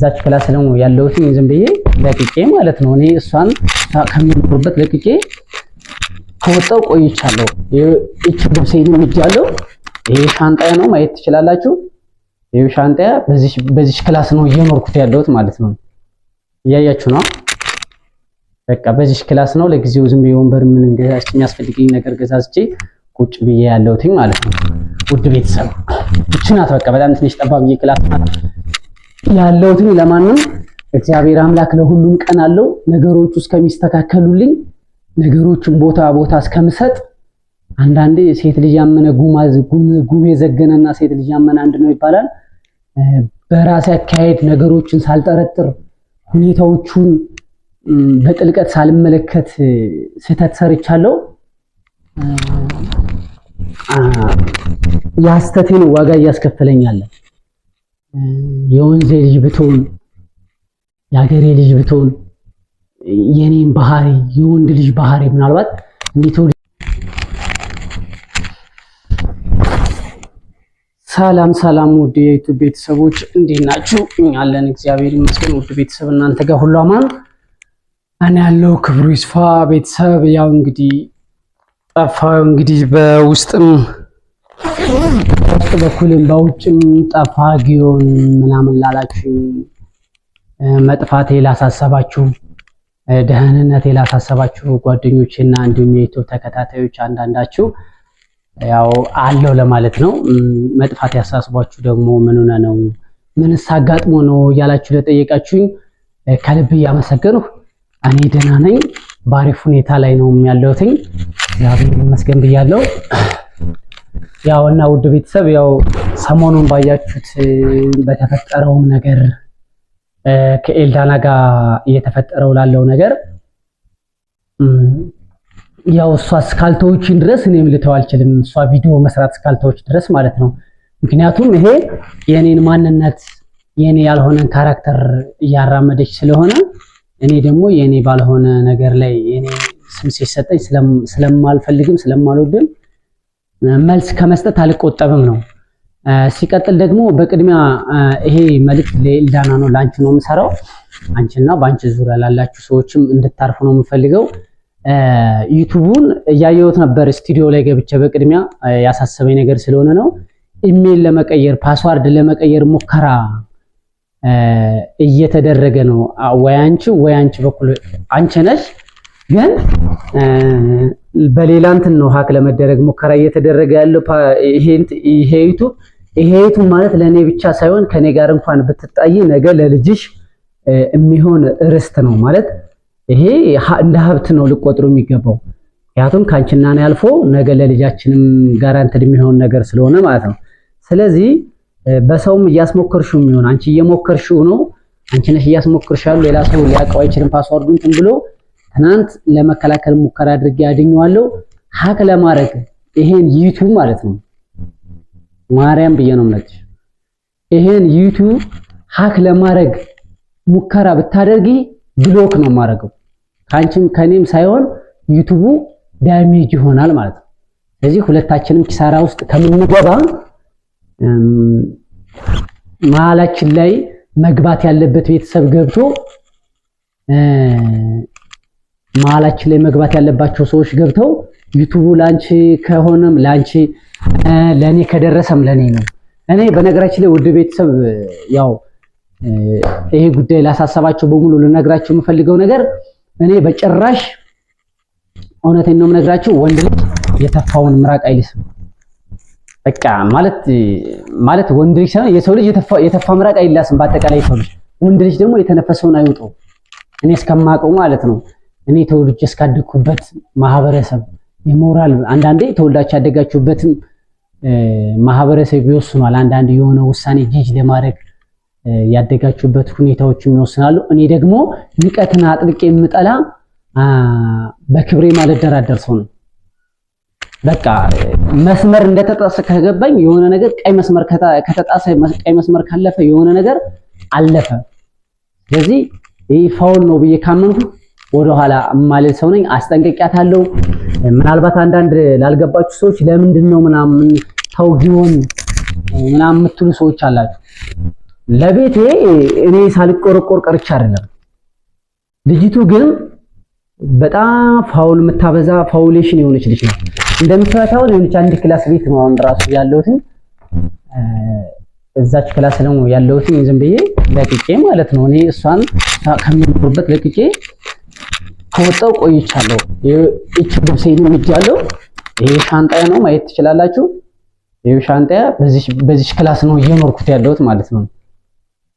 እዛች ክላስ ነው ያለሁት ዝም ብዬ ለቅቄ ማለት ነው። እኔ እሷን ከሚኖርበት ለቅቄ ከወጣው ቆይቻለሁ። ይች ልብሴ ምጃለሁ። ይሄ ሻንጣያ ነው ማየት ትችላላችሁ። ይህ ሻንጣያ በዚች ክላስ ነው እየኖርኩት ያለሁት ማለት ነው። እያያችሁ ነው። በቃ በዚች ክላስ ነው ለጊዜው ዝም ብዬ ወንበር ምን የሚያስፈልገኝ ነገር ገዛዝቼ ቁጭ ብዬ ያለሁትኝ ማለት ነው። ውድ ቤተሰብ ይችናት በቃ በጣም ትንሽ ጠባብ ክላስ ናት። ላለሁት ለማንም እግዚአብሔር አምላክ ለሁሉም ቀን አለው። ነገሮቹ እስከሚስተካከሉልኝ ነገሮችን ቦታ ቦታ እስከምሰጥ አንዳንዴ ሴት ልጅ ያመነ ጉም የዘገነና ሴት ልጅ ያመነ አንድ ነው ይባላል። በራሴ አካሄድ ነገሮችን ሳልጠረጥር ሁኔታዎቹን በጥልቀት ሳልመለከት ስህተት ሰርቻለሁ። ያስተቴ ነው ዋጋ እያስከፈለኛለን። የወንዜ ልጅ ብትሆን የሀገሬ ልጅ ብትሆን የኔን ባህሪ የወንድ ልጅ ባህሪ ምናልባት እንዲቱ ሰላም ሰላም፣ ውድ የዩቱብ ቤተሰቦች እንዴት ናችሁ? እኛ አለን እግዚአብሔር ይመስገን። ውድ ቤተሰብ እናንተ ጋር ሁሉ አማን? እኔ ያለው ክብሩ ይስፋ። ቤተሰብ ያው እንግዲህ ጠፋው እንግዲህ በውስጥም በውስጥ በኩልም በውጭም ጠፋ ጊዮን ምናምን ላላችሁ መጥፋቴ ላሳሰባችሁ ደህንነቴ ላሳሰባችሁ ጓደኞቼና እንዲሁም የዩቱብ ተከታታዮች አንዳንዳችሁ ያው አለው ለማለት ነው። መጥፋት ያሳስቧችሁ ደግሞ ምን ሆነ ነው ምንስ አጋጥሞ ነው እያላችሁ ለጠየቃችሁኝ ከልብ እያመሰገንሁ እኔ ደህና ነኝ። በአሪፍ ሁኔታ ላይ ነው ያለሁትኝ እግዚአብሔር ይመስገን ብያለሁ። ያው እና ውድ ቤተሰብ ያው ሰሞኑን ባያችሁት በተፈጠረውም ነገር ከኤልዳና ጋር እየተፈጠረው ላለው ነገር ያው እሷ እስካልተዎችን ድረስ እኔም ልተው አልችልም። እሷ ቪዲዮ መስራት እስካልተዎች ድረስ ማለት ነው። ምክንያቱም ይሄ የኔን ማንነት የኔ ያልሆነን ካራክተር እያራመደች ስለሆነ እኔ ደግሞ የኔ ባልሆነ ነገር ላይ የኔ ስም ሲሰጠኝ ስለማልፈልግም ስለማልወድም መልስ ከመስጠት አልቆጠብም ነው። ሲቀጥል ደግሞ በቅድሚያ ይሄ መልእክት ለኤልዳና ነው፣ ለአንቺ ነው የምሰራው። አንቺና በአንቺ ዙሪያ ላላችሁ ሰዎችም እንድታርፉ ነው የምፈልገው። ዩቱቡን እያየሁት ነበር ስቱዲዮ ላይ ገብቼ። በቅድሚያ ያሳሰበኝ ነገር ስለሆነ ነው። ኢሜል ለመቀየር ፓስዋርድ ለመቀየር ሙከራ እየተደረገ ነው። ወይ አንቺ ወይ አንቺ በኩል አንቺ ነሽ ግን በሌላ እንትን ነው ሀክ ለመደረግ ሙከራ እየተደረገ ያለው። ይሄ ዩቱብ ይሄ ዩቱብ ማለት ለእኔ ብቻ ሳይሆን ከኔ ጋር እንኳን ብትጣይ ነገ ለልጅሽ የሚሆን ርስት ነው ማለት ይሄ እንደ ሀብት ነው ልቆጥሩ የሚገባው ምክንያቱም ከአንቺና እኔ ያልፎ ነገ ለልጃችንም ጋራንትድ የሚሆን ነገር ስለሆነ ማለት ነው። ስለዚህ በሰውም እያስሞከርሽው የሚሆን አንቺ እየሞከርሽው ነው። አንቺ ነሽ እያስሞከርሻሉ። ሌላ ሰው ሊያውቀው አይችልም ፓስዋርዱን ብሎ ትናንት ለመከላከል ሙከራ አድርጌ ያገኘዋለሁ ሀክ ለማድረግ ይሄን ዩቲዩብ ማለት ነው። ማርያም ብዬ ነው የምልሽ። ይሄን ዩቲዩብ ሀክ ለማድረግ ሙከራ ብታደርጊ ብሎክ ነው የማደርገው። ከአንቺም ከኔም ሳይሆን ዩቲዩቡ ዳሜጅ ይሆናል ማለት ነው። ስለዚህ ሁለታችንም ኪሳራ ውስጥ ከምንገባ መሀላችን ላይ መግባት ያለበት ቤተሰብ ገብቶ መሀላችን ላይ መግባት ያለባቸው ሰዎች ገብተው ዩቱቡ ላንቺ ከሆነም ላንቺ ለኔ ከደረሰም ለኔ ነው። እኔ በነገራችን ላይ ውድ ቤተሰብ ያው ይሄ ጉዳይ ላሳሰባቸው በሙሉ ልነግራቸው የምፈልገው ነገር እኔ በጭራሽ እውነቴን ነው የምነግራቸው፣ ወንድ ልጅ የተፋውን ምራቅ አይልስም። በቃ ማለት ማለት ወንድ ልጅ ሳይሆን የሰው ልጅ የተፋ ምራቅ አይላስም። በአጠቃላይ ሰው ልጅ ወንድ ልጅ ደግሞ የተነፈሰውን አይውጡ እኔ እስከማውቀው ማለት ነው። እኔ ተወልጄ እስካደግኩበት ማህበረሰብ የሞራል አንዳንዴ ተወልዳችሁ ያደጋችሁበትም ማህበረሰብ ይወስኗል። አንዳንድ የሆነ ውሳኔ ጅጅ ለማድረግ ያደጋችሁበት ሁኔታዎችም ይወስናሉ። እኔ ደግሞ ንቀትን አጥብቅ የምጠላ በክብሬ ማልደራደር ሰው ነው። በቃ መስመር እንደተጣሰ ከገባኝ የሆነ ነገር ቀይ መስመር ከተጣሰ ቀይ መስመር ካለፈ የሆነ ነገር አለፈ። ስለዚህ ይህ ፋውል ነው ብዬ ካመንኩ ወደኋላ ማልል ሰው ነኝ። አስጠንቅቂያታለሁ። ምናልባት አንዳንድ ላልገባችሁ ሰዎች ለምንድን ነው ምናምን ተው ቢሆን ምናምን የምትሉ ሰዎች አላችሁ። ለቤቴ እኔ ሳልቆረቆር ቀርቻ አይደለም። ልጅቱ ግን በጣም ፋውል የምታበዛ ፋውሌሽን የሆነች ልጅ ነው። እንደምትፈታው የሆነች አንድ ክላስ ቤት ነው አሁን ራሱ ያለሁት እዛች ክላስ ነው ያለሁት ዝም ብዬ ለቅቄ ማለት ነው እኔ እሷን ከምኖርበት ለቅቄ ከወጣው ቆይቻለሁ። ይህች ልብሴን ምጃለሁ። ይሄ ሻንጣያ ነው ማየት ትችላላችሁ። ይሄ ሻንጣያ በዚች ክላስ ነው እየኖርኩት ያለሁት ማለት ነው።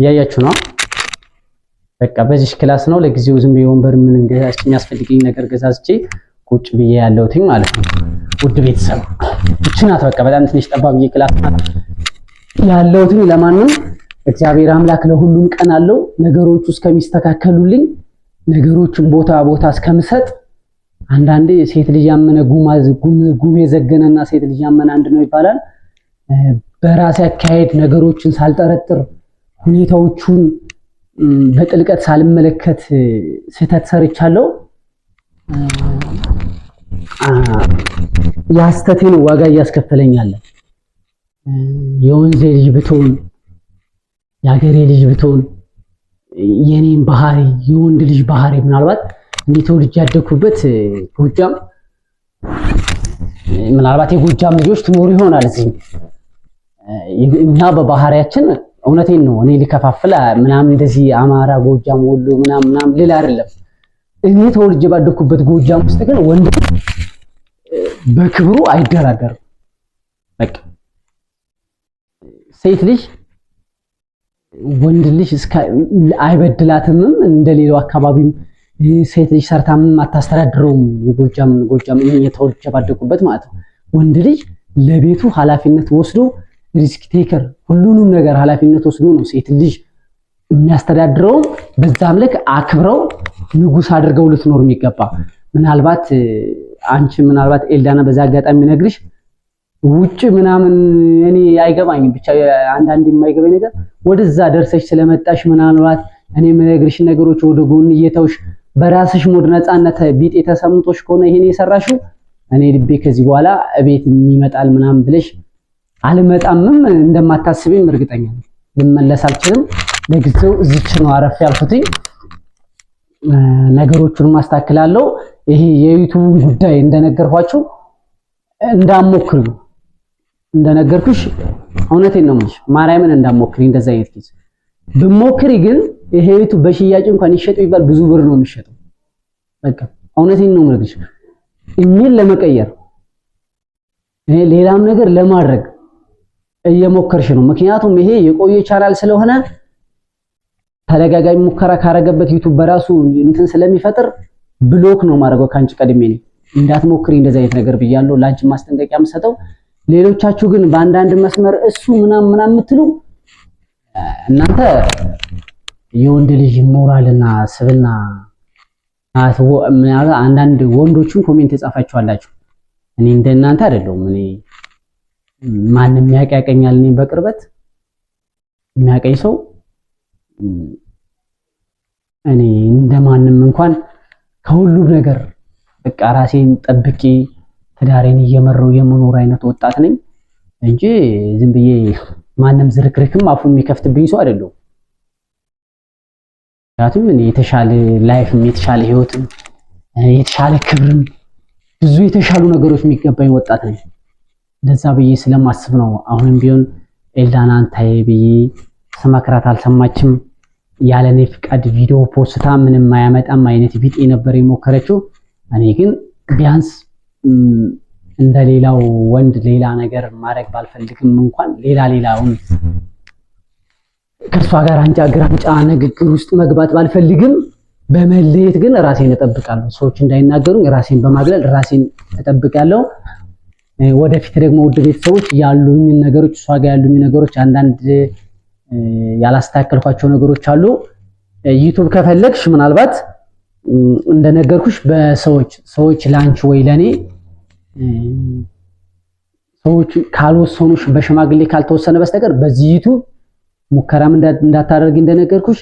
እያያችሁ ነው። በቃ በዚህ ክላስ ነው ለጊዜው ዝም ብዬ ወንበር ምን የሚያስፈልገኝ ነገር ገዛዝቼ ቁጭ ብዬ ያለሁትኝ ማለት ነው። ውድ ቤተሰብ እቺ ናት በቃ በጣም ትንሽ ጠባብ ብዬ ክላስ ናት ያለሁትኝ። ለማንም እግዚአብሔር አምላክ ለሁሉም ቀን አለው። ነገሮቹ እስከሚስተካከሉልኝ ነገሮችን ቦታ ቦታ እስከምሰጥ አንዳንዴ ሴት ልጅ ያመነ ጉም የዘገነና ሴት ልጅ ያመነ አንድ ነው ይባላል። በራሴ አካሄድ ነገሮችን ሳልጠረጥር ሁኔታዎቹን በጥልቀት ሳልመለከት ስህተት ሰርቻለሁ። የሐሰቴ ነው ዋጋ እያስከፈለኛለ። የወንዜ ልጅ ብትሆን የአገሬ ልጅ ብትሆን የኔን ባህሪ የወንድ ልጅ ባህሪ ምናልባት እንዴ ተወልጄ ያደኩበት ጎጃም ምናልባት የጎጃም ልጆች ትኖሩ ይሆናል እዚህ እኛ በባህሪያችን እውነቴን ነው። እኔ ሊከፋፍል ምናምን እንደዚህ አማራ፣ ጎጃም፣ ወሎ ምናምን ምናምን ልል አይደለም። እኔ ተወልጄ ባደኩበት ጎጃም ውስጥ ግን ወንድ በክብሩ አይደራደርም። በቃ ሴት ልጅ ወንድ ልጅ አይበድላትምም እንደሌላው አካባቢም ሴት ልጅ ሰርታምም አታስተዳድረውም። የጎጃም ጎጃም የተወልጄ ባደጉበት ማለት ነው። ወንድ ልጅ ለቤቱ ኃላፊነት ወስዶ ሪስክ ቴከር ሁሉንም ነገር ኃላፊነት ወስዶ ነው ሴት ልጅ የሚያስተዳድረውም። በዛም ልክ አክብረው ንጉስ አድርገው ልትኖር የሚገባ ምናልባት አንቺ ምናልባት ኤልዳና በዛ አጋጣሚ ነግርሽ ውጭ ምናምን እኔ አይገባኝም። ብቻ አንዳንድ የማይገባኝ ነገር ወደዛ ደርሰሽ ስለመጣሽ ምናልባት እኔ የምነግርሽን ነገሮች ወደ ጎን እየተውሽ በራስሽ ሞድ ነፃነት ቢጤ ተሰምቶሽ ከሆነ ይሄን የሰራሽው እኔ ልቤ ከዚህ በኋላ እቤት የሚመጣል ምናምን ብለሽ አልመጣምም እንደማታስብም እርግጠኛ ነኝ። ልመለስ አልችልም። ለጊዜው እዚች ነው አረፍ ያልኩት። ነገሮቹን ማስተካከላለሁ። ይሄ የዩቱብ ጉዳይ እንደነገርኳችሁ እንዳሞክሩ እንደነገርኩሽ እውነቴን ነው የምልሽ፣ ማርያምን እንዳሞክሪ እንደዛ አይነት ኬዝ ብሞክሪ ግን ይሄ ቤቱ በሽያጭ እንኳን ይሸጥ ይባል ብዙ ብር ነው የሚሸጠው። በቃ እውነቴን ነው የምልሽ፣ እኔን ለመቀየር ይሄ ሌላም ነገር ለማድረግ እየሞከርሽ ነው። ምክንያቱም ይሄ የቆየ ቻናል ስለሆነ ተደጋጋሚ ሙከራ ካረገበት ዩቱብ በራሱ እንትን ስለሚፈጥር ብሎክ ነው ማድረገው። ከአንቺ ቀድሜ እኔ እንዳትሞክሪ እንደዚህ አይነት ነገር ብያለሁ። ላንቺ ማስጠንቀቂያ የምሰጠው ሌሎቻችሁ ግን በአንዳንድ መስመር እሱ ምናም ምናም የምትሉ እናንተ የወንድ ልጅ ሞራልና ስብና አንዳንድ ወንዶችን ኮሜንት ጻፋችኋላችሁ። እኔ እንደናንተ አይደለሁም። እኔ ማንም የሚያውቅ ያውቀኛል። እኔ በቅርበት የሚያውቀኝ ሰው እኔ እንደማንም እንኳን ከሁሉ ነገር በቃ ራሴን ጠብቄ ትዳሬን እየመራው የምኖር አይነት ወጣት ነኝ እንጂ ዝም ብዬ ማንም ዝርክርክም አፉ የሚከፍትብኝ ሰው አይደለሁም። ምክንያቱም የተሻለ ላይፍም የተሻለ ህይወትም የተሻለ ክብርም ብዙ የተሻሉ ነገሮች የሚገባኝ ወጣት ነኝ። እንደዛ ብዬ ስለማስብ ነው አሁንም ቢሆን ኤልዳና አንታዬ ብዬ ስመክራት አልሰማችም። ያለ እኔ ፍቃድ ቪዲዮ ፖስታ ምንም አያመጣም አይነት ቢጤ ነበር የሞከረችው። እኔ ግን ቢያንስ እንደ ሌላው ወንድ ሌላ ነገር ማድረግ ባልፈልግም እንኳን ሌላ ሌላውን ከእሷ ጋር አንጫ ግራንጫ ንግግር ውስጥ መግባት ባልፈልግም በመለየት ግን ራሴን እጠብቃለሁ። ሰዎች እንዳይናገሩኝ ራሴን በማግለል ራሴን እጠብቃለሁ። ወደፊት ደግሞ ውድ ቤተሰቦች ያሉኝ ነገሮች እሷ ጋር ያሉኝ ነገሮች አንዳንድ ያላስተካከልኳቸው ነገሮች አሉ። ዩቱብ ከፈለግሽ ምናልባት እንደነገርኩሽ በሰዎች ሰዎች ላንች ወይ ለኔ ሰዎች ካልወሰኑሽ በሽማግሌ ካልተወሰነ በስተቀር በዚህ ዩቱብ ሙከራም እንዳታደርግ እንደነገርኩሽ፣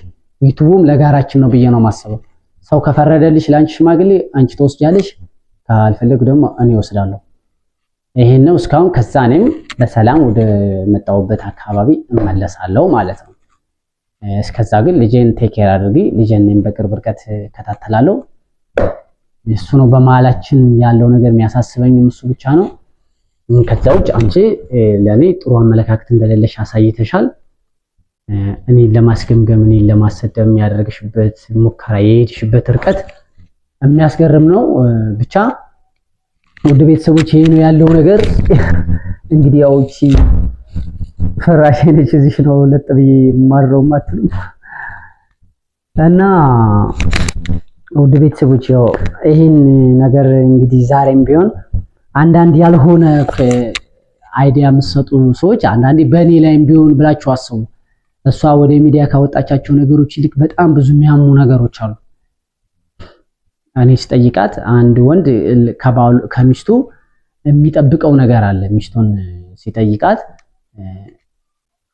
ዩቱቡም ለጋራችን ነው ብዬ ነው ማሰበው። ሰው ከፈረደልሽ ለአንቺ ሽማግሌ አንቺ ተወስጃለሽ፣ ካልፈለግ ደግሞ እኔ ወስዳለሁ። ይህነው ነው እስካሁን። ከዛ እኔም በሰላም ወደ መጣሁበት አካባቢ እመለሳለሁ ማለት ነው። እስከዛ ግን ልጄን ቴኬር አድርጊ፣ ልጄን በቅርብ ርቀት እከታተላለሁ። እሱ ነው በመሀላችን ያለው ነገር የሚያሳስበኝ እሱ ብቻ ነው። ከዛ ውጭ አንቺ ለእኔ ጥሩ አመለካከት እንደሌለሽ አሳይተሻል። እኔን ለማስገምገም እኔን ለማሰደብ ያደረግሽበት ሙከራ የሄድሽበት ርቀት የሚያስገርም ነው። ብቻ ውድ ቤተሰቦች ይሄ ነው ያለው ነገር እንግዲህ ያው ፍራሽ ነች። እዚሽ ነው ለጥ ብዬ ማድረው ማትሉ እና ውድ ቤተሰቦች ያው ይህን ነገር እንግዲህ ዛሬም ቢሆን አንዳንድ ያልሆነ አይዲያ የምትሰጡ ሰዎች አንዳንዴ በእኔ ላይም ቢሆን ብላችሁ አስቡ። እሷ ወደ ሚዲያ ካወጣቻቸው ነገሮች ይልቅ በጣም ብዙ የሚያሙ ነገሮች አሉ። እኔ ስጠይቃት አንድ ወንድ ከሚስቱ የሚጠብቀው ነገር አለ። ሚስቱን ሲጠይቃት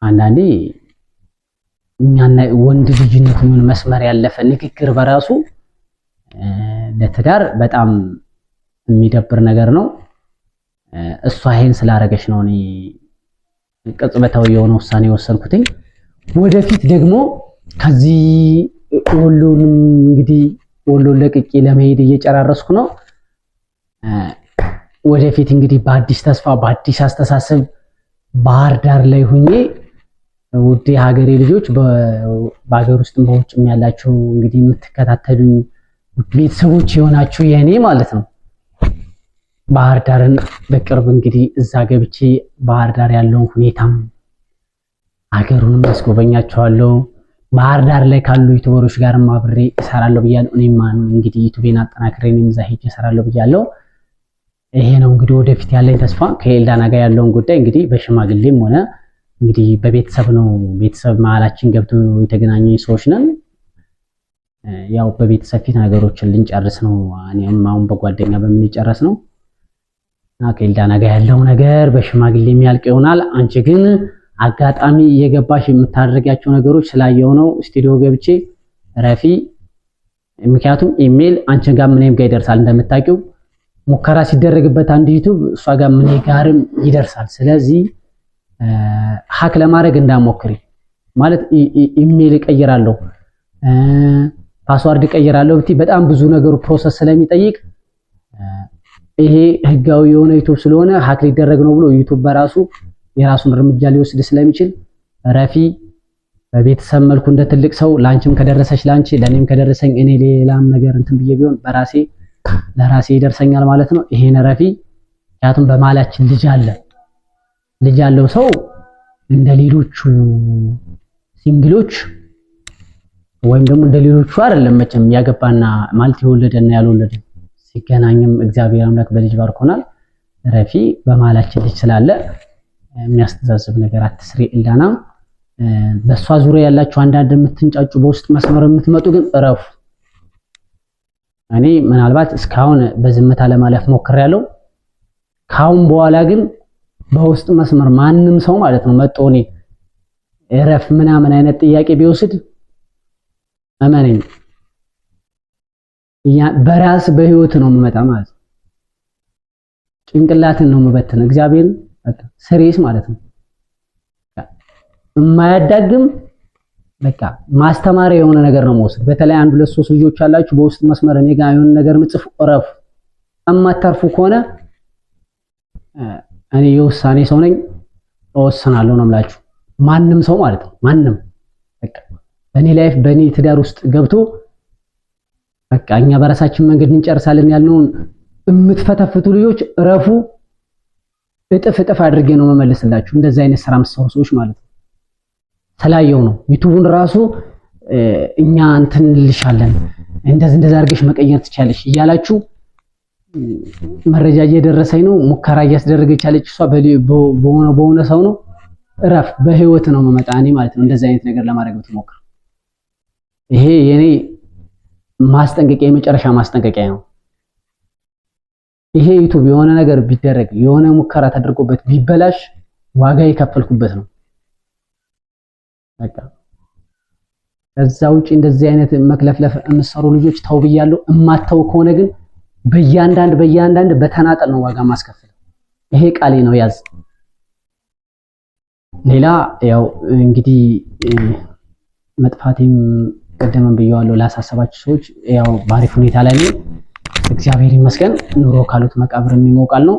አንዳንዴ እኛና ወንድ ልጅነት ምን መስመር ያለፈ ንግግር በራሱ ለትዳር በጣም የሚደብር ነገር ነው። እሷ ይሄን ስላደረገች ነው እኔ ቅጽበታዊ የሆነ ውሳኔ የወሰንኩትኝ። ወደፊት ደግሞ ከዚህ ወሎን እንግዲህ ወሎን ለቅቄ ለመሄድ እየጨራረስኩ ነው። ወደፊት እንግዲህ በአዲስ ተስፋ በአዲስ አስተሳሰብ ባህር ዳር ላይ ሁኜ ውድ የሀገሬ ልጆች በሀገር ውስጥም በውጭም ያላችሁ እንግዲህ የምትከታተሉኝ ቤተሰቦች የሆናችሁ የእኔ ማለት ነው። ባህር ዳርን በቅርብ እንግዲህ እዛ ገብቼ ባህር ዳር ያለውን ሁኔታም ሀገሩንም አስጎበኛችኋለሁ። ባህር ዳር ላይ ካሉ ዩቱበሮች ጋር አብሬ እሰራለሁ ብያለሁ። እኔማ እንግዲህ ዩቱቤን አጠናክሬ እኔም እዛ ሄጄ እሰራለሁ ብያለሁ። ይሄ ነው እንግዲህ ወደፊት ያለኝ ተስፋ። ከኤልዳና ጋር ያለውን ጉዳይ እንግዲህ በሽማግሌም ሆነ እንግዲህ በቤተሰብ ነው ቤተሰብ መሀላችን ገብቶ የተገናኙ ሰዎች ነን። ያው በቤተሰብ ፊት ነገሮችን ልንጨርስ ነው። እኔም አሁን በጓደኛ ጨረስ ነው እና ከኤልዳና ጋር ያለው ነገር በሽማግሌ የሚያልቅ ይሆናል። አንቺ ግን አጋጣሚ እየገባሽ የምታደርጋቸው ነገሮች ስላየው ነው ስቱዲዮ ገብቼ ረፊ። ምክንያቱም ኢሜል አንቺ ጋር ምንም ጋር ይደርሳል እንደምታውቂው ሙከራ ሲደረግበት አንድ ዩቱብ እሷ ጋር ምን ጋርም ይደርሳል። ስለዚህ ሀክ ለማድረግ እንዳሞክሪ ማለት ኢሜል እቀይራለሁ፣ ፓስዋርድ እቀይራለሁ ብቲ በጣም ብዙ ነገሩ ፕሮሰስ ስለሚጠይቅ ይሄ ህጋዊ የሆነ ዩቱብ ስለሆነ ሀክ ሊደረግ ነው ብሎ ዩቱብ በራሱ የራሱን እርምጃ ሊወስድ ስለሚችል ረፊ በቤተሰብ መልኩ እንደ ትልቅ ሰው ላንቺም ከደረሰች ላንቺ ለኔም ከደረሰኝ እኔ ሌላም ነገር እንትን ብዬ ቢሆን በራሴ ለራሴ ይደርሰኛል ማለት ነው። ይሄን ረፊ ምክንያቱም በማላችን ልጅ አለ ልጅ ያለው ሰው እንደ ሌሎቹ ሲንግሎች ወይም ደግሞ እንደ ሌሎቹ አይደለም። መቼም ያገባና ማለት የወለደና ያልወለደ ሲገናኝም እግዚአብሔር አምላክ በልጅ ባርኮናል። ረፊ በመሀላችን ልጅ ስላለ የሚያስተዛዝብ ነገር አትስሪ እንዳና በእሷ ዙሪያ ያላችሁ አንዳንድ የምትንጫጩ በውስጥ መስመር የምትመጡ ግን እረፉ። እኔ ምናልባት እስካሁን በዝምታ ለማለፍ ሞክሬያለሁ። ካሁን በኋላ ግን በውስጥ መስመር ማንም ሰው ማለት ነው መጥቶ እኔ እረፍ ምናምን አይነት ጥያቄ ቢወስድ እመነኝ በራስ በህይወት ነው የምመጣ ማለት ነው። ጭንቅላትን ነው የምበትን እግዚአብሔር በቃ ስሬስ ማለት ነው የማያዳግም በቃ ማስተማሪያ የሆነ ነገር ነው መውሰድ። በተለይ አንድ ሁለት ሶስት ልጆች ያላችሁ በውስጥ መስመር እኔ ጋር የሆነ ነገር ምጽፍ እረፉ የማታርፉ ከሆነ እኔ የውሳኔ ሰው ነኝ እወስናለሁ ነው የምላችሁ። ማንም ሰው ማለት ነው ማንም በቃ በእኔ ላይፍ በእኔ ትዳር ውስጥ ገብቶ በቃ እኛ በራሳችን መንገድ እንጨርሳለን ያልነውን የምትፈተፍቱ ልጆች እረፉ። እጥፍ እጥፍ አድርጌ ነው መመለስላችሁ። እንደዚህ አይነት ስራ የምትሰሩ ሰዎች ማለት ነው። ተለያየው ነው ዩቱቡን ራሱ እኛ እንትን ልሻለን እንደዚህ እንደዛ አድርገሽ መቀየር ትቻለሽ እያላችሁ መረጃ እየደረሰኝ ነው። ሙከራ እያስደረገች ያለች እሷ በሆነ በሆነ ሰው ነው። እረፍ፣ በህይወት ነው መመጣ እኔ ማለት ነው። እንደዚህ አይነት ነገር ለማድረግ ብትሞክር ይሄ የኔ ማስጠንቀቂያ የመጨረሻ ማስጠንቀቂያ ነው። ይሄ ዩቱብ የሆነ ነገር ቢደረግ የሆነ ሙከራ ተደርጎበት ቢበላሽ ዋጋ የከፈልኩበት ነው። በቃ ከዛ ውጪ እንደዚህ አይነት መክለፍለፍ የምትሰሩ ልጆች ተው ብያለሁ። እማተው ከሆነ ግን በእያንዳንድ በእያንዳንድ በተናጠል ነው ዋጋ ማስከፈል። ይሄ ቃሌ ነው ያዝ። ሌላ ያው እንግዲህ መጥፋቴም ቀደመን ብየዋለሁ። ላሳሰባችሁ ሰዎች ያው በአሪፍ ሁኔታ ላይ ነው፣ እግዚአብሔር ይመስገን። ኑሮ ካሉት መቃብር የሚሞቃል ነው።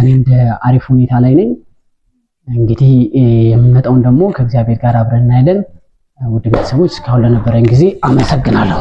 እኔ እንደ አሪፍ ሁኔታ ላይ ነኝ። እንግዲህ የምንመጣውን ደግሞ ከእግዚአብሔር ጋር አብረን እናያለን። ውድ ቤተሰቦች እስካሁን ለነበረን ጊዜ አመሰግናለሁ።